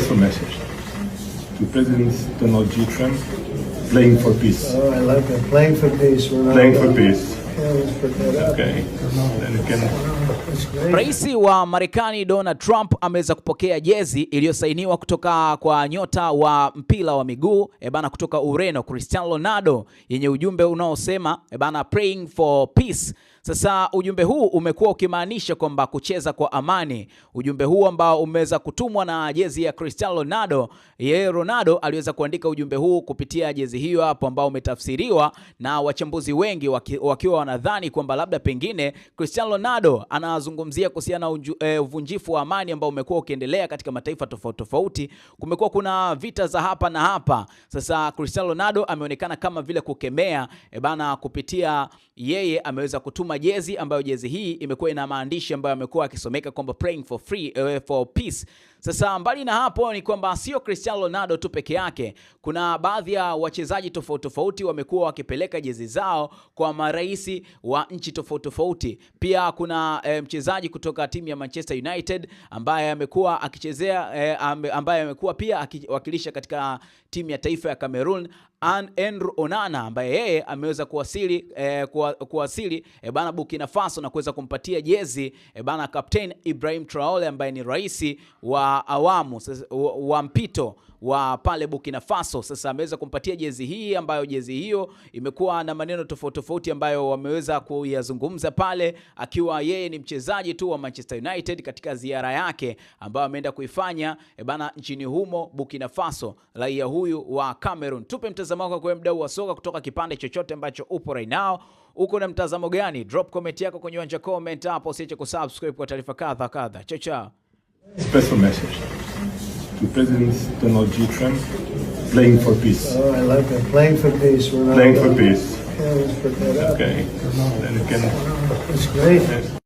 special message to President Donald G. Trump, playing for peace. Oh, I like that. Playing for peace. We're not Playing for gonna- peace. Yeah, Okay. Then wa Marekani Donald Trump ameweza kupokea jezi iliyosainiwa kutoka kwa nyota wa mpira wa miguu e bana kutoka Ureno Cristiano Ronaldo yenye ujumbe unaosema e bana praying for peace sasa ujumbe huu umekuwa ukimaanisha kwamba kucheza kwa amani. Ujumbe huu ambao umeweza kutumwa na jezi ya Cristiano Ronaldo, yeye Ronaldo aliweza kuandika ujumbe huu kupitia jezi hiyo hapo, ambao umetafsiriwa na wachambuzi wengi waki, wakiwa wanadhani kwamba labda pengine Cristiano Ronaldo anazungumzia kuhusiana na eh, uvunjifu wa amani ambao umekuwa ukiendelea katika mataifa tofauti tofauti. Kumekuwa kuna vita za hapa na hapa. Sasa Cristiano Ronaldo ameonekana kama vile kukemea e bana, kupitia yeye ameweza kutuma kama jezi ambayo jezi hii imekuwa ina maandishi ambayo amekuwa akisomeka kwamba praying for free, uh, for peace sasa mbali na hapo ni kwamba sio Cristiano Ronaldo tu peke yake, kuna baadhi ya wachezaji tofauti tofauti wamekuwa wakipeleka jezi zao kwa marais wa nchi tofauti tofauti. Pia kuna e, mchezaji kutoka timu ya Manchester United ambaye amekuwa akichezea e, ambaye amekuwa pia akiwakilisha katika timu ya taifa ya Cameroon Andrew Onana ambaye yeye ameweza kuwasili e, kuwasili e, bana Burkina Faso na kuweza kumpatia jezi e, bana Captain Ibrahim Traore ambaye ni rais wa awamu wa mpito wa pale Burkina Faso sasa ameweza kumpatia jezi hii ambayo jezi hiyo imekuwa na maneno tofauti tofauti ambayo wameweza kuyazungumza pale, akiwa yeye ni mchezaji tu wa Manchester United katika ziara yake ambayo ameenda kuifanya e bana nchini humo Burkina Faso, raia huyu wa Cameroon. Tupe mtazamo wako kwa mdau wa soka kutoka kipande chochote ambacho upo right now. Uko na mtazamo gani? Drop comment yako kwenye uwanja comment hapo, usiache kusubscribe kwa taarifa kadha kadha. Chao chao. Special message to President Donald J. Trump, playing for peace. Oh, I like that. Playing for peace. We're playing for peace. Okay, then can. That's great.